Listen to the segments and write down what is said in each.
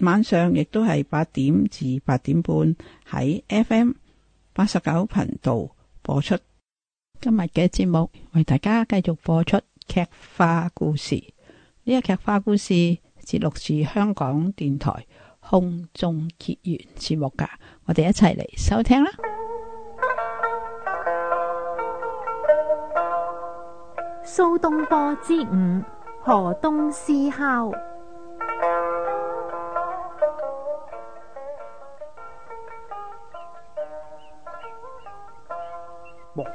晚上亦都係八點至八點半喺 FM 八十九頻道播出今日嘅節目，為大家繼續播出劇化故事。呢個劇化故事節錄自香港電台《空中結緣》節目噶，我哋一齊嚟收聽啦。蘇東坡之五，河東獅吼》。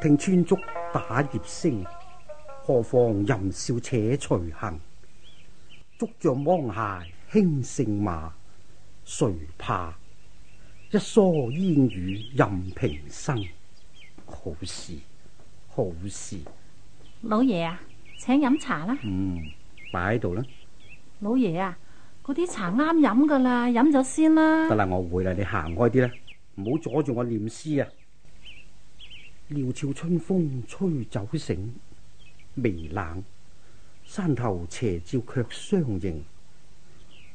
聽穿竹打葉聲，何妨吟嘯且徐行？竹杖芒鞋輕勝馬，誰怕？一蓑煙雨任平生。好事好事，老爺啊，請飲茶啦。嗯，擺喺度啦。老爺啊，嗰啲茶啱飲噶啦，飲咗先啦。得啦，我會啦，你行開啲啦，唔好阻住我念詩啊。料峭春風吹酒醒，微冷。山頭斜照卻相迎。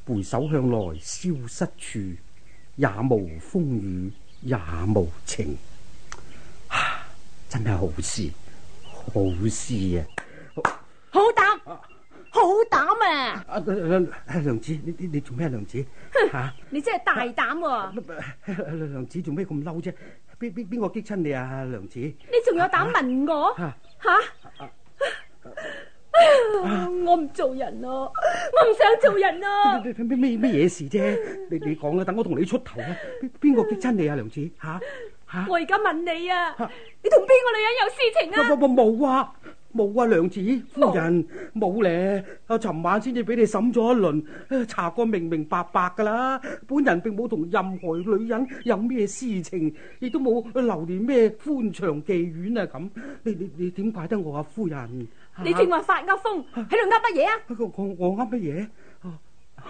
回首向來蕭瑟處，也無風雨也無晴。啊！真係好事，好事啊！好膽，好膽啊！阿阿阿娘子，你你你做咩啊？娘子，你真係大膽喎！娘子做咩咁嬲啫？邊邊個激親你啊，娘子？你仲有膽問我？吓、啊啊啊？我唔做人咯、啊，我唔想做人咯、啊。咩咩咩嘢事啫？你你講啦，等我同你出頭啊！邊邊個激親你啊，娘子？吓、啊、吓、啊？我而家問你啊，啊你同邊個女人有私情啊？我我冇啊。冇啊，娘子夫人冇咧。啊，尋晚先至俾你審咗一輪，查過明明白白噶啦。本人並冇同任何女人有咩私情，亦都冇流連咩歡長妓院啊。咁你你你點怪得我啊，夫人？你正話發噏風，喺度噏乜嘢啊？我我我噏乜嘢？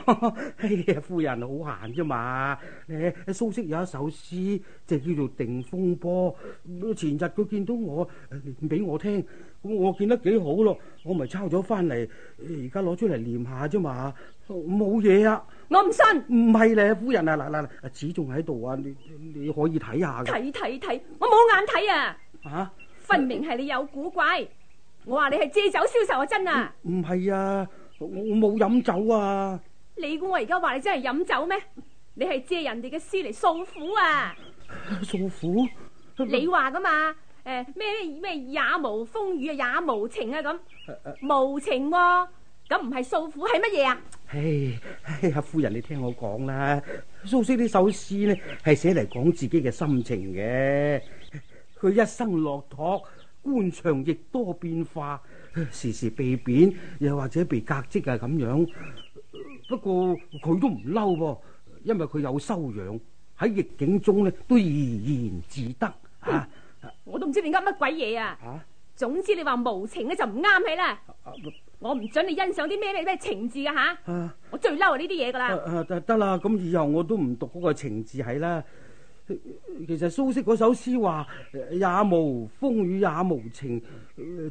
夫人好閒啫嘛。誒，蘇軾有一首詩，就叫做《定風波》。前日佢見到我，念俾我聽。我見得幾好咯，我咪抄咗翻嚟，而家攞出嚟念下啫嘛，冇嘢啊！我唔信，唔係咧，夫人啊，嗱嗱，紙仲喺度啊，你你可以睇下嘅。睇睇睇，我冇眼睇啊！吓，啊，分明係你有古怪，我話你係借酒消愁啊，真啊！唔係啊，我冇飲酒啊！你估我而家話你真係飲酒咩？你係借人哋嘅詩嚟訴苦啊！訴苦，你話噶嘛？誒，咩咩也無風雨啊，也無情啊，咁無情咁唔係訴苦係乜嘢啊？唉，阿夫人你聽我講啦，蘇軾呢首詩咧係寫嚟講自己嘅心情嘅。佢一生落拓，官場亦多變化，時時被貶又或者被革職啊，咁樣。不過佢都唔嬲噃，因為佢有修養，喺逆境中咧都怡然自得啊。我都唔知你解乜鬼嘢啊！總之你話無情咧就唔啱起啦！我唔准你欣賞啲咩咩咩情字啊。吓！我最嬲啊呢啲嘢噶啦！得、啊、啦，咁、啊啊啊啊啊、以後我都唔讀嗰個情字係啦。其實蘇軾嗰首詩話也無風雨也無情，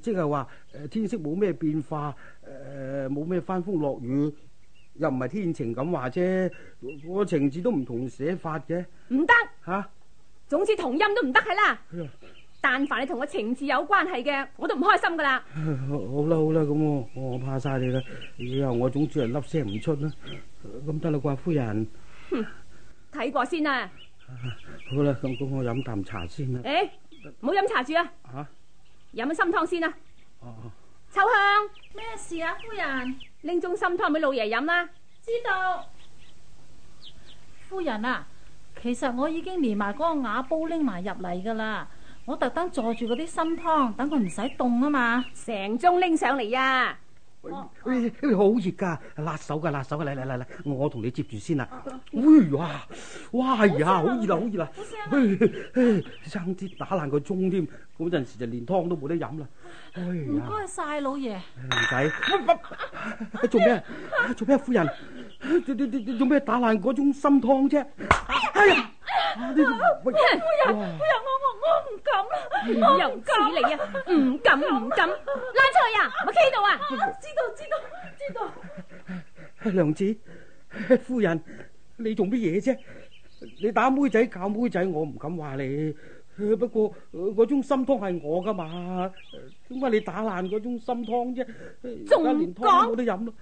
即係話誒天色冇咩變化，誒冇咩翻風落雨，又唔係天晴咁話啫。我情字都唔同寫法嘅，唔得吓。總之同音都唔得係啦，但凡你同個情字有關係嘅，我都唔開心噶啦。好啦好啦，咁我我怕晒你啦，以後我總之係粒聲唔出啦，咁得啦啩，夫人。哼，睇過先啊。好啦，咁我飲啖茶先啦。誒，唔好飲茶住啊，吓，飲咗參湯先啦。秋香，咩事啊，夫人？拎盅參湯俾老爺飲啦。知道。夫人啊。其實我已經連埋嗰個瓦煲拎埋入嚟噶啦，我特登坐住嗰啲新湯，等佢唔使凍啊嘛。成盅拎上嚟呀！好熱噶，辣手噶，辣手噶，嚟嚟嚟嚟，我同你接住先啊！哎呀，哇呀，好熱喇，好熱喇！生啲打爛個盅添，嗰陣時就連湯都冇得飲啦。唔該晒，老爺。唔使。做咩？做咩，夫人？你你你你做咩打爛嗰盅參湯啫？哎呀！夫人，夫人，我我我唔敢啦，我唔敢。娘子你啊，唔敢唔敢，拉出去啊！我企度啊！知道知道知道。娘子，夫人，你做乜嘢啫？你打妹仔教妹仔，我唔敢話你。不過嗰盅參湯係我噶嘛，點解你打爛嗰盅參湯啫？仲講？連湯都冇得飲囉！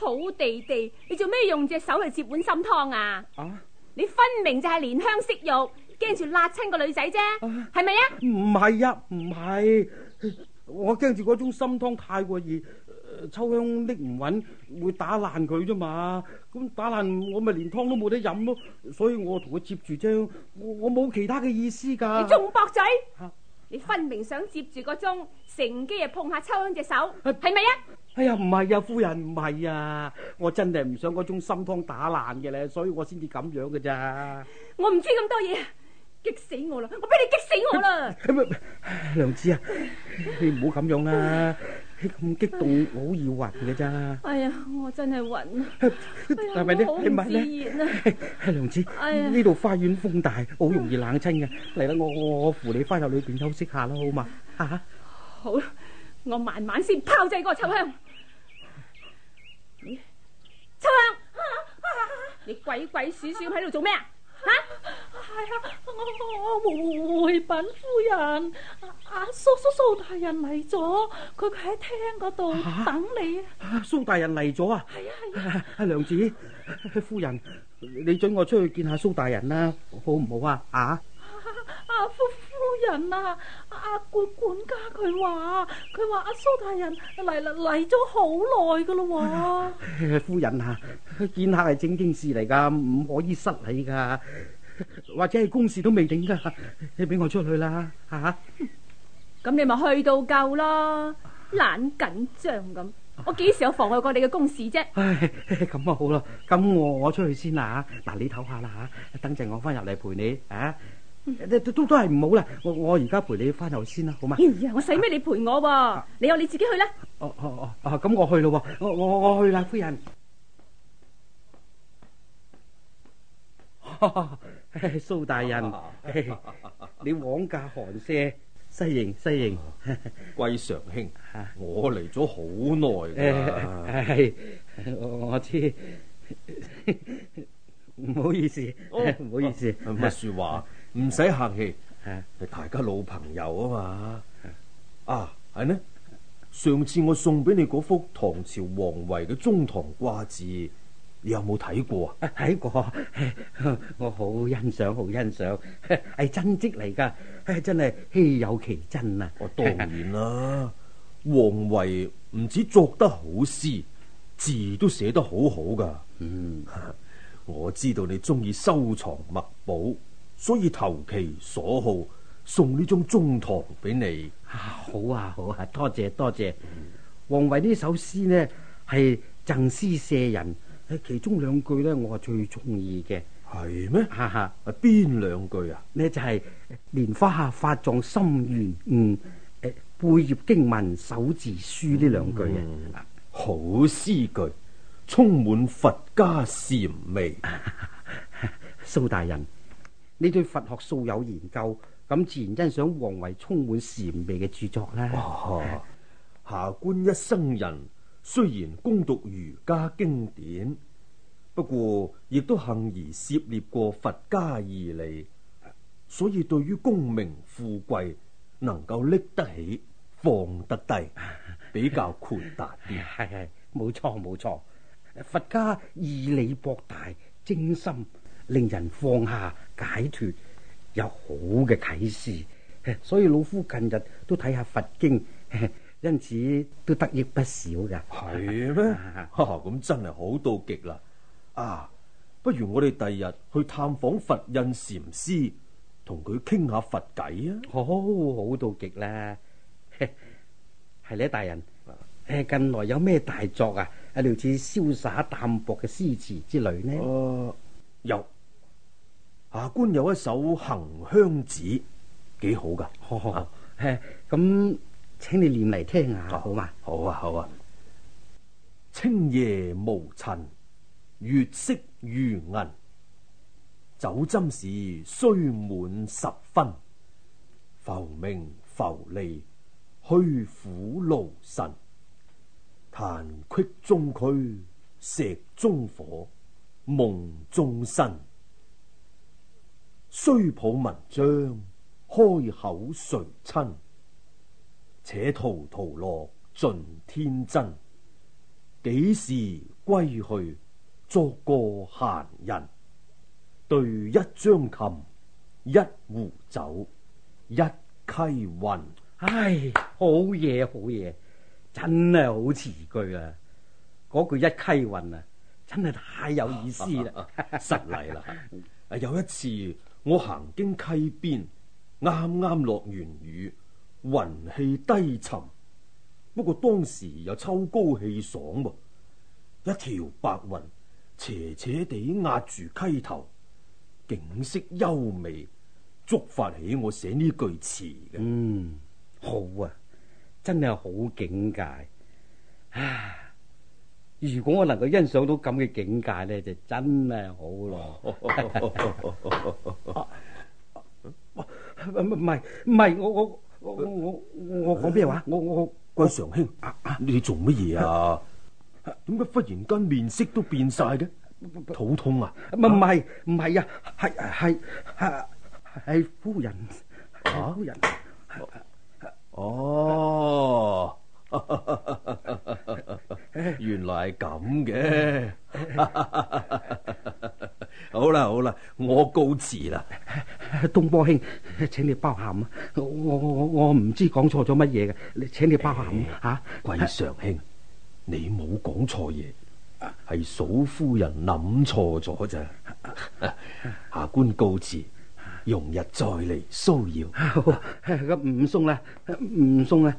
好地地，你做咩用隻手去接碗心湯啊，啊？你分明就係憐香惜玉，驚住辣親個女仔啫，係咪啊？唔係啊，唔係、啊，我驚住嗰盅參湯太過熱，秋香拎唔穩，會打爛佢啫嘛。咁打爛我咪連湯都冇得飲咯。所以我同佢接住啫，我我冇其他嘅意思㗎。你仲駁嘴？啊你分明想接住個鐘，乘機啊碰下秋香隻手，係咪啊？哎呀，唔係啊，夫人唔係啊，我真係唔想個鐘心湯打爛嘅咧，所以我先至咁樣嘅咋。我唔知咁多嘢，激死我啦！我俾你激死我啦！唔好，娘子啊，你唔好咁樣啦。咁激動好易暈嘅咋？哎呀，我真係暈啊！係咪咧？係咪咧？好熾熱啊！係娘子，呢度花園風大，好容易冷清嘅。嚟啦，我我我扶你翻入裏邊休息下啦，好嘛？吓？好，我慢慢先炮製個秋香。你秋香，你鬼鬼祟祟喺度做咩啊？吓？係、哎、啊，我我回禀夫人，阿叔叔蘇大人嚟咗，佢佢喺廳嗰度等你。蘇、啊、大人嚟咗啊！係啊係啊，阿娘子，夫人，你准我出去見下蘇大人啦，好唔好啊？啊！阿、啊、夫夫人啊，阿、啊、管管家佢話，佢話阿蘇大人嚟嚟嚟咗好耐噶啦。夫人啊，見客係正經事嚟噶，唔可以失禮噶。或者係公事都未定噶，你俾我出去啦，吓！咁你咪去到夠咯，懶緊張咁。我幾時有妨礙過你嘅公事啫？唉，咁啊好啦，咁我我出去先啦，吓，嗱你唞下啦吓，等陣我翻入嚟陪你啊。都都都係唔好啦，我我而家陪你翻入先啦，好嘛？哎呀，我使咩你陪我？你有你自己去啦。哦哦哦，咁我去咯，我我我去啦，夫人。哈哈。蘇大人，啊、你枉駕寒舍，失迎失迎。貴、啊、常兄，啊、我嚟咗好耐噶。我知，唔好意思，唔、啊、好意思。唔係說話，唔、啊、使客氣，係、啊、大家老朋友啊嘛。啊，係、啊、呢？上次我送俾你嗰幅唐朝王維嘅中堂掛字。你有冇睇過啊？睇過，我好欣賞，好欣賞，係真跡嚟噶，真係稀有其真啊！我當然啦，王維唔止作得好詩，字都寫得好好噶。嗯，我知道你中意收藏墨寶，所以投其所好，送呢張中堂俾你啊。好啊，好啊，多謝多謝。王維呢首詩呢係贈詩謝人。其中兩句呢，我係最中意嘅。係咩？哈哈，邊兩句啊？呢就係、是、蓮花下髮藏心願， 嗯，誒，貝葉經文，手字書呢兩句嘅、嗯，好詩句，充滿佛家禪味。蘇 大人，你對佛學素有研究，咁自然欣賞王維充滿禪味嘅著作呢、啊。下官一生人。雖然攻讀儒家經典，不過亦都幸而涉獵過佛家義理，所以對於功名富貴能夠拎得起放得低，比較豁達啲。係 係，冇錯冇錯，佛家義理博大精深，令人放下解脫，有好嘅啟示。所以老夫近日都睇下佛經。因此都得益不少噶，係咩？咁、 啊啊、真係好到極啦！啊，不如我哋第二日去探訪佛印禪師，同佢傾下佛偈啊！好、哦，好到極啦！係 咧，大人，誒、啊，近來有咩大作啊？類似瀟灑淡薄嘅詩詞之類呢？有啊，有下官有一首《行香子》，幾好噶。咁、啊。啊啊。請你念嚟聽下，好嘛，啊？好啊，好啊。清夜無塵，月色如銀。酒斟時須滿十分，浮名浮利，虛苦勞神。嘆隙中駒，石中火，夢中身。雖抱文章，開口誰親？且陶陶樂盡天真，幾時歸去，作個閒人，對一張琴，一壺酒，一溪雲。唉，好嘢，好嘢，真係好詞句啊！嗰句一溪雲啊，真係太有意思啦！失禮啦！啊啊、 有一次我行經溪邊，啱啱落完雨。雲氣低沉，不過當時又秋高氣爽噃，一條白雲斜斜地壓住溪頭，景色優美，觸發起我寫呢句詞嘅。嗯，好啊，真係好境界。啊，如果我能夠欣賞到咁嘅境界呢，就真係好咯。唔係唔係，我我。我我我我講咩話？我我我，貴常兄，你做乜嘢啊？點解忽然間面色都變晒嘅？肚痛啊？唔唔係唔係啊？係係係係夫人，夫人。哦，原來係咁嘅。好啦好啦，我告辭啦。東波兄，請你包涵啊！我我我我唔知講錯咗乜嘢嘅，請你包涵、欸、啊！貴常兄，啊、你冇講錯嘢，係、啊、嫂夫人諗錯咗咋？下官告辭，容日再嚟騷擾。好啊，咁唔送啦，唔送啦。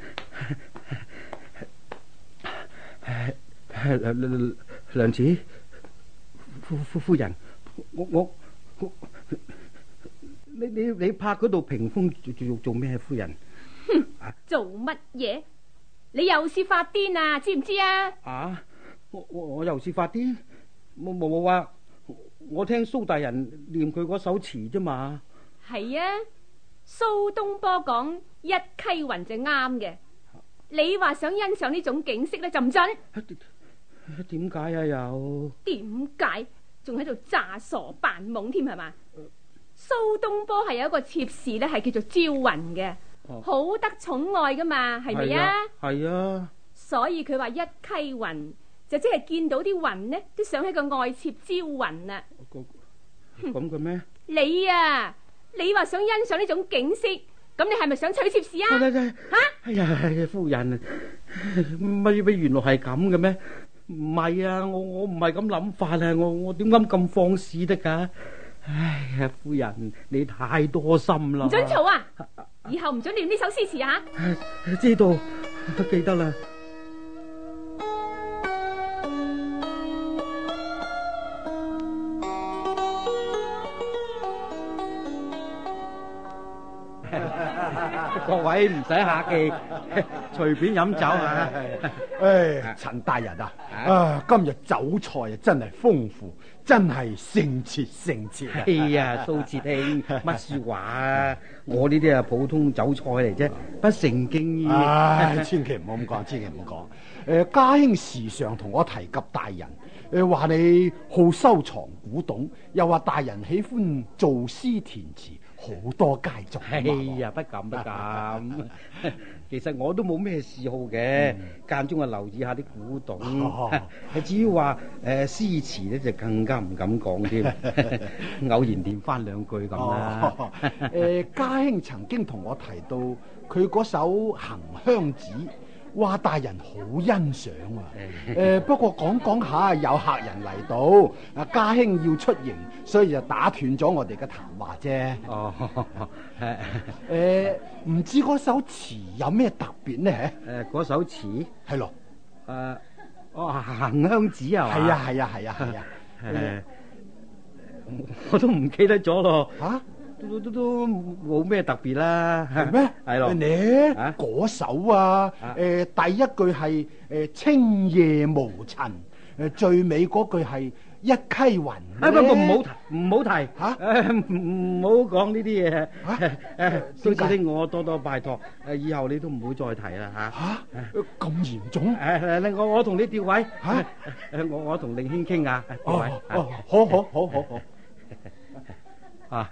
娘子夫夫夫人，我我我。我你你你拍嗰度屏風做做咩，夫人？哼！ 做乜嘢？你又是發癲啊？知唔知啊，啊，啊？啊！我我又是發癲？冇冇啊！我聽蘇大人念佢嗰首詞啫嘛。係啊，蘇東坡講一溪雲就啱嘅。你話想欣賞呢種景色咧，就唔准。點解啊？又點解？仲喺度詐傻扮懵添係嘛？蘇東坡係有一個妾侍呢係叫做朝雲嘅，好、哦、得寵愛噶嘛，係咪啊？係啊，啊。所以佢話一溪雲就即係見到啲雲呢，都想喺個外妾朝雲啊。咁嘅咩？ 你啊，你話想欣賞呢種景色，咁你係咪想娶妾侍啊？吓、哎哎！哎呀，夫人，乜嘢乜原來係咁嘅咩？唔係啊，我我唔係咁諗法啊！我我點敢咁放肆得噶？唉呀，夫人，你太多心啦！唔准吵啊！以後唔准念呢首詩詞吓。知道，都記得啦。各位唔使客氣，隨便飲酒吓。唉，陳大人啊！啊！今日酒菜啊，真係豐富，真係盛切。盛切，係啊，蘇哲兄，乜說話啊？ 我呢啲啊，普通酒菜嚟啫， 不成敬意。千祈唔好咁講，千祈唔好講。誒， 家兄時常同我提及大人，誒話你好收藏古董，又話大人喜歡作詩填詞。好多佳作，哎呀，不敢不敢。 其實我都冇咩嗜好嘅，間中啊留意一下啲古董。至於話誒詩詞咧，就更加唔敢講添， 偶然唸翻兩句咁啦。誒、哦哦哦、家兄曾經同我提到佢嗰首《行香子》。哇！大人好欣賞啊！誒、 呃、不過講講下，有客人嚟到，阿家興要出營，所以就打斷咗我哋嘅談話啫。哦、 呃，誒唔知嗰首詞有咩特別呢？誒、呃、嗰首詞係咯，誒、呃哦、行香子啊？係啊係啊係啊係啊！誒、啊啊啊啊啊、 我都唔記得咗咯。嚇、啊！都冇咩特別啦，係咩？係 咯你。你嗰首啊，啊、呃，第一句係誒、呃、清夜無塵，呃、最尾嗰句係一溪雲。啊！唔好唔好提吓，唔好講呢啲嘢嚇。誒，多、啊呃、我多多拜託，以後你都唔好再提啦，咁、啊啊、嚴重？誒、啊，令我我同你調位、啊啊、我我同令軒傾啊，啊，啊，啊，啊，啊。好好好好好。啊好好好啊好啊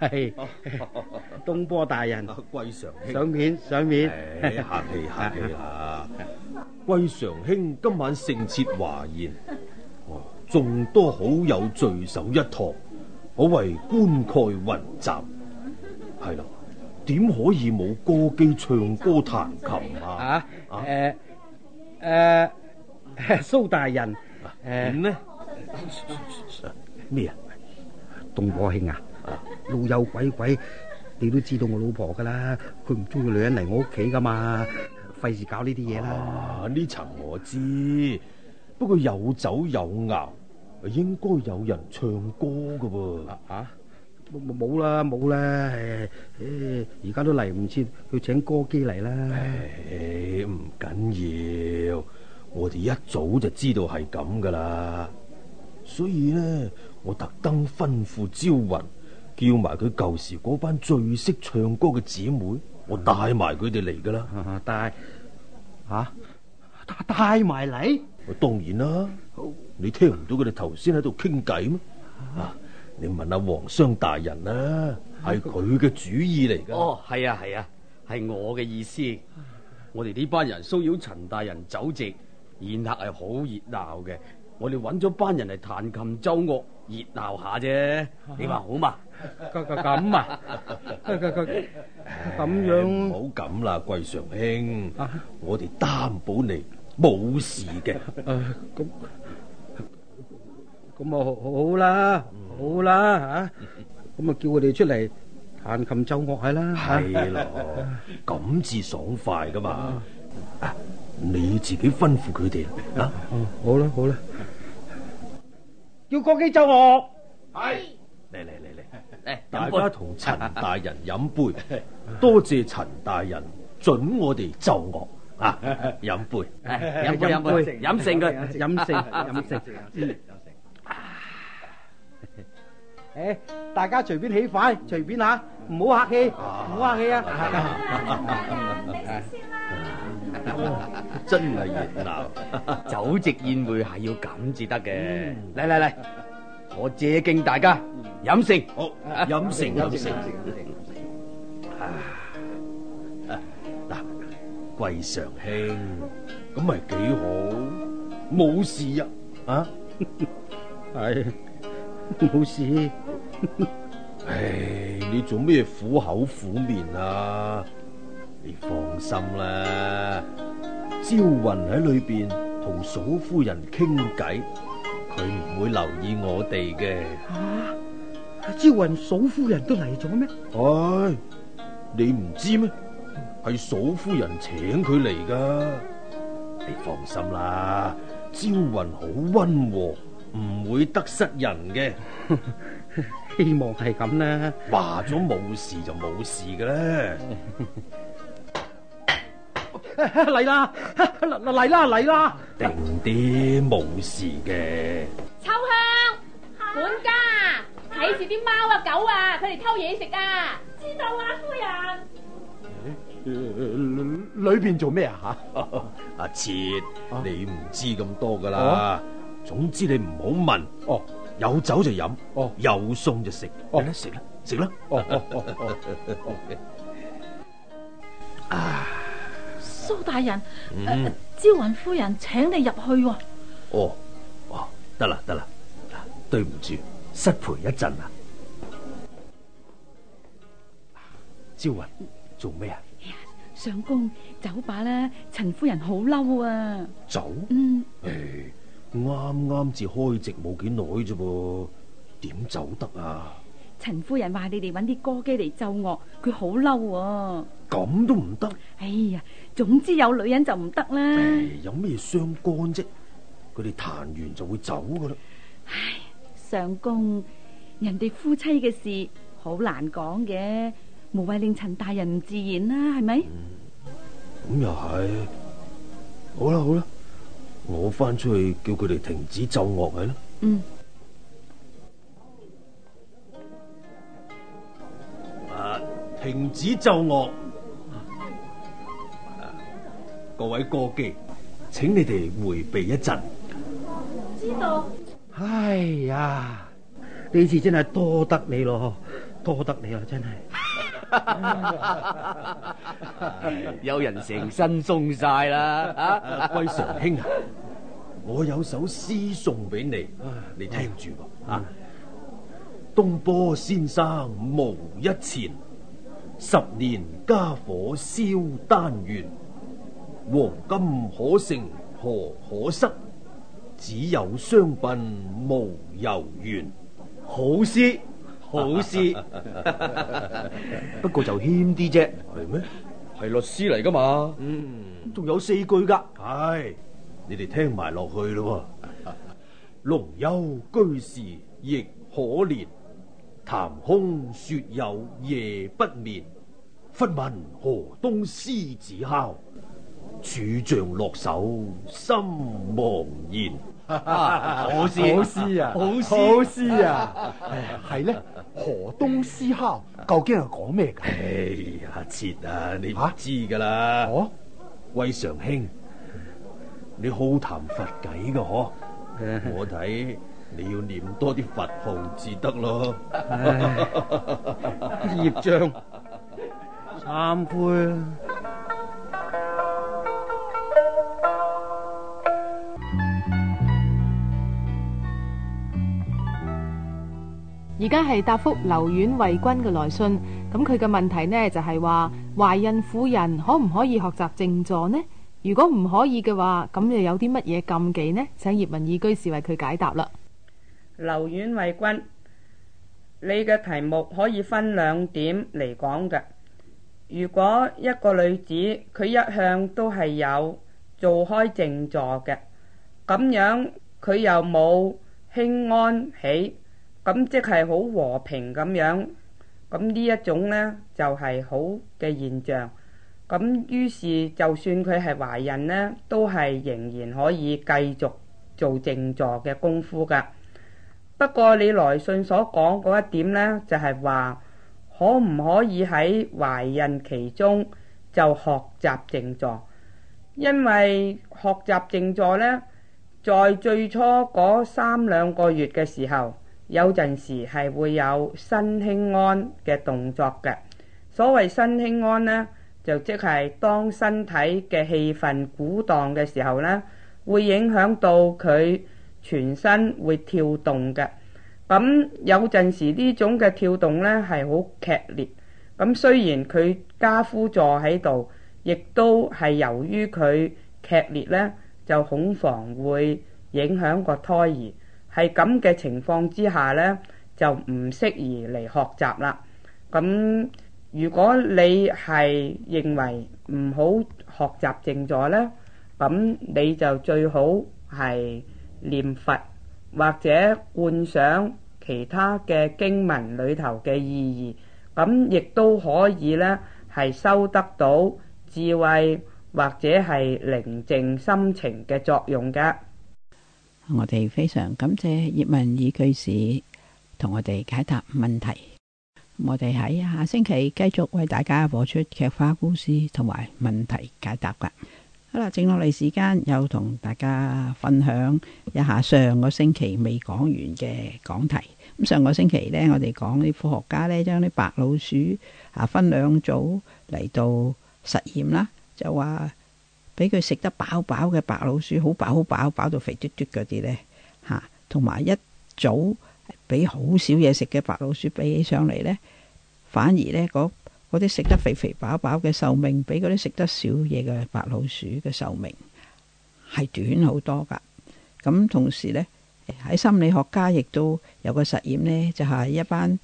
東坡大人，貴、啊、常兄，上面上面、哎，客氣客氣啊！貴常兄今晚盛設華宴，哦，眾多好友聚首一堂，可謂冠蓋雲集，係啦，點可以冇歌姬唱歌彈琴啊？啊誒誒蘇大人，誒呢咩啊？東坡兄啊？老友鬼鬼，你都知道我老婆噶啦，佢唔中意女人嚟我屋企噶嘛，費事搞呢啲嘢啦。啊，呢層我知，不過有酒有鴨，應該有人唱歌噶噃。啊，冇啦，冇咧，而家都嚟唔切，去請歌姬嚟啦。唔緊要，我哋一早就知道係咁噶啦，所以呢，我特登吩咐招雲。叫埋佢舊時嗰班最識唱歌嘅姊妹，我帶埋佢哋嚟噶啦。帶，吓帶帶埋嚟？我當然啦，你聽唔到佢哋頭先喺度傾偈咩？啊，你問阿黃商大人啦，係佢嘅主意嚟噶。哦，係啊，係啊，係、啊、我嘅意思。我哋呢班人騷擾陳大人走席宴客係好熱鬧嘅。我哋揾咗班人嚟彈琴奏樂，熱鬧下啫。你話好嘛？咁啊，咁樣唔好咁啦，貴常兄，我哋擔保你冇事嘅。咁咁啊，好啦，好啦吓，咁啊，叫佢哋出嚟彈琴奏樂係啦。係咯，咁至爽快噶嘛。你自己吩咐佢哋啦。嗯，好啦，好啦。要國禮奏樂，係嚟嚟嚟嚟，大家同陳大人飲杯，多謝陳大人准我哋奏樂啊！飲杯，飲杯，飲成佢，飲成，飲成，嗯，誒，大家隨便起筷，隨便吓，唔好客氣，唔好客氣啊！真係熱鬧，酒席宴會係要咁至得嘅。嚟嚟嚟，我借敬大家，飲食？好，飲食？飲食？啊，嗱、啊，貴、啊、常兄，咁咪幾好？冇事啊，啊，係冇事。 唉，你做咩苦口苦面啊？你放心啦，招雲喺裏邊同嫂夫人傾偈，佢唔會留意我哋嘅。啊，招雲嫂夫人都嚟咗咩？唉、哎，你唔知咩？係嫂夫人請佢嚟噶你放心啦，招雲好溫和，唔會得失人嘅。希望係咁啦。話咗冇事就冇事嘅啦。 嚟啦，嚟啦，嚟啦！定啲冇事嘅。秋香，管家，睇住啲貓啊，啊、狗啊，佢哋偷嘢食啊！知道啊，夫人。裏邊做咩啊？吓，阿切，你唔知咁多噶啦、啊。總之你唔好問。哦、啊。有酒就飲。哦、啊。有餸就食。哦，食啦，食啦，食啦。哦哦哦哦。啊！蘇大人，呃，招雲夫人請你入去哦。哦哦，得啦得啦，對唔住，失陪一陣啦。招雲，做咩啊？相公走吧啦，陳夫人好嬲啊。走？嗯，誒、哎，啱啱至開席冇幾耐啫噃，點走得啊？陳夫人話：你哋揾啲歌姬嚟奏樂，佢好嬲。咁都唔得。哎呀，總之有女人就唔得啦。有咩相干啫？佢哋彈完就會走噶啦。唉，相公，人哋夫妻嘅事好難講嘅，無謂令陳大人唔自然啦，啊，係咪？咁又係。好啦好啦，我翻出去叫佢哋停止奏樂係啦。嗯。指咒我，各位過機，請你哋回避一陣。唔知道。哎呀，呢次真係多得你咯，多得你啊，真係。有人成身鬆晒啦，貴常兄啊，我有首詩送俾你，你聽住噃。東坡先生無一錢。十年家火燒丹元，黃金可成河可塞，只有霜鬢無由緣。好詩，好詩。 不過就欠啲啫。係咩？係 律師嚟噶嘛？嗯，仲有四句噶。係、哎，你哋聽埋落去咯。龍 丘居士亦可憐。談空說有夜不眠，忽聞河東獅子哮，柱杖落手心茫然。好詩，好啊，好 詩思啊，係 思、啊 哎、呢？河東獅子究竟係講咩噶？哎呀，切啊，你唔知噶啦？我、啊，魏常兄，你好談佛偈噶，嗬，我睇。 你要念多啲佛號至得咯。孽 障、哎，懺 葉章 悔啊！而家係答覆劉遠衛軍嘅來信。咁佢嘅問題呢，就係話懷孕婦人可唔可以學習靜坐呢？如果唔可以嘅話，咁又有啲乜嘢禁忌呢？請葉文義居士為佢解答啦。劉婉慧君，你嘅題目可以分兩點嚟講嘅。如果一個女子佢一向都係有做開靜坐嘅，咁樣佢又冇輕安喜，咁即係好和平咁樣。咁呢一種呢，就係好嘅現象。咁於是就算佢係懷孕呢，都係仍然可以繼續做靜坐嘅功夫㗎。不過你來信所講嗰一點呢，就係話可唔可以喺懷孕期中就學習靜坐？因為學習靜坐呢，在最初嗰三兩個月嘅時候，有陣時係會有身輕安嘅動作嘅。所謂身輕安呢，就即係當身體嘅氣氛鼓蕩嘅時候呢，會影響到佢。全身會跳動嘅，咁有陣時呢種嘅跳動咧係好劇烈，咁雖然佢跏趺坐喺度，亦都係由於佢劇烈咧，就恐防會影響個胎兒。係咁嘅情況之下咧，就唔適宜嚟學習啦。咁如果你係認為唔好學習靜坐咧，咁你就最好係，念佛或者觀想其他嘅經文裏頭嘅意義，咁亦都可以呢係收得到智慧或者係寧靜心情嘅作用嘅。我哋非常感謝葉文以居士同我哋解答問題。我哋喺下星期繼續為大家播出《菊花故事同埋問題解答噶。好啦，剩落嚟時間又同大家分享一下上個星期未講完嘅講題。咁上個星期呢，我哋講啲科學家呢，將啲白老鼠嚇分兩組嚟到實驗啦，就話俾佢食得飽飽嘅白老鼠，好飽好飽，飽到肥嘟嘟嗰啲呢，嚇、啊，同埋一組俾好少嘢食嘅白老鼠比起上嚟呢，反而呢，嗰啲食得肥肥飽飽嘅壽命，比嗰啲食得少嘢嘅白老鼠嘅壽命係短好多㗎。咁同時呢，喺心理學家亦都有個實驗呢，就係一班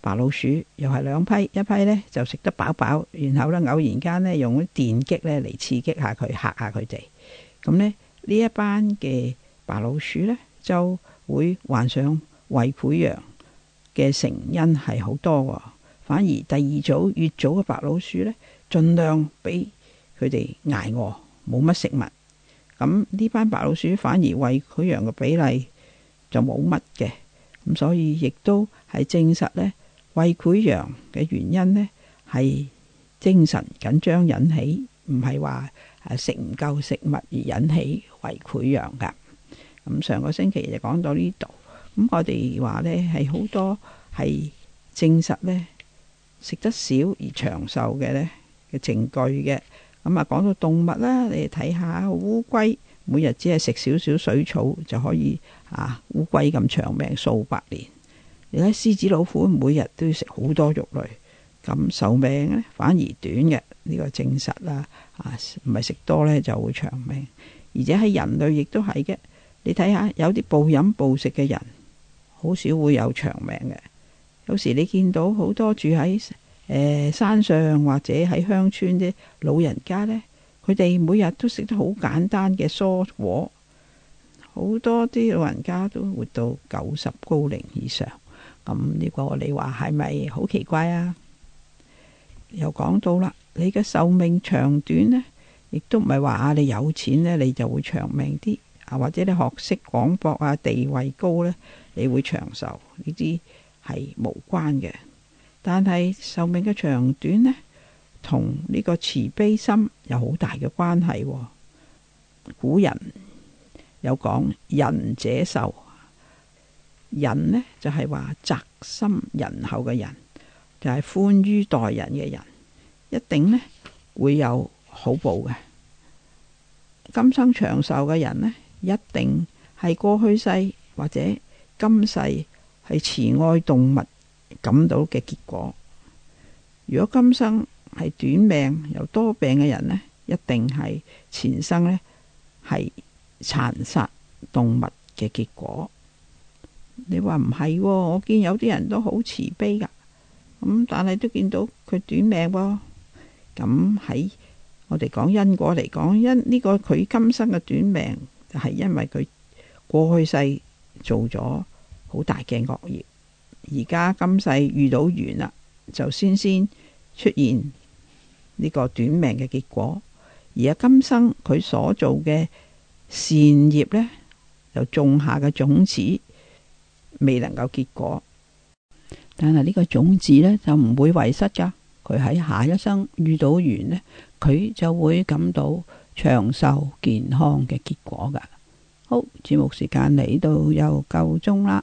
白老鼠，又係兩批，一批呢就食得飽飽，然後呢偶然間呢，用啲電擊呢嚟刺激下佢嚇下佢哋。咁呢，呢一班嘅白老鼠呢，就會患上胃潰瘍嘅成因係好多喎。反而第二組越早嘅白老鼠呢，盡量俾佢哋捱餓，冇乜食物。咁呢班白老鼠反而胃潰瘍嘅比例就冇乜嘅。咁所以亦都係證實呢胃潰瘍嘅原因呢，係精神緊張引起，唔係話食唔夠食物而引起胃潰瘍噶。咁上個星期就講到呢度，咁我哋話呢係好多係證實呢。食得少而長壽嘅呢，嘅證據嘅，咁啊講到動物啦，你睇下烏龜，每日只係食少少水草就可以啊烏龜咁長命數百年。你睇獅子老虎每日都要食好多肉類，咁壽命呢反而短嘅。呢、這個證實啦，啊唔係食多呢就會長命，而且喺人類亦都係嘅。你睇下有啲暴飲暴食嘅人，好少會有長命嘅。有時你見到好多住喺誒山上或者喺鄉村啲老人家呢，佢哋每日都食得好簡單嘅蔬果，好多啲老人家都活到九十高齡以上。咁呢個你話係咪好奇怪啊？又講到啦，你嘅壽命長短呢，亦都唔係話啊你有錢呢，你就會長命啲啊，或者你學識廣博啊、地位高呢，你會長壽呢啲。係無關嘅，但係壽命嘅長短呢，同呢個慈悲心有好大嘅關係哦。古人有講，仁者壽。仁呢就係話，宅心仁厚嘅人，就係、是、寬於待人嘅人，一定呢會有好報嘅。今生長壽嘅人呢，一定係過去世或者今世。係慈愛動物感到嘅結果。如果今生係短命又多病嘅人呢，一定係前生呢，係殘殺動物嘅結果。你話唔係？我見有啲人都好慈悲噶，咁但係都見到佢短、哦、短命。咁喺我哋講因果嚟講，因呢個佢今生嘅短命係因為佢過去世做咗。好大嘅惡業，而家今世遇到緣啦，就先先出現呢個短命嘅結果。而家今生佢所做嘅善業呢，就種下嘅種子未能夠結果，但係呢個種子呢，就唔會遺失噶。佢喺下一生遇到緣呢，佢就會感到長壽健康嘅結果噶。好，節目時間嚟到又夠鐘啦。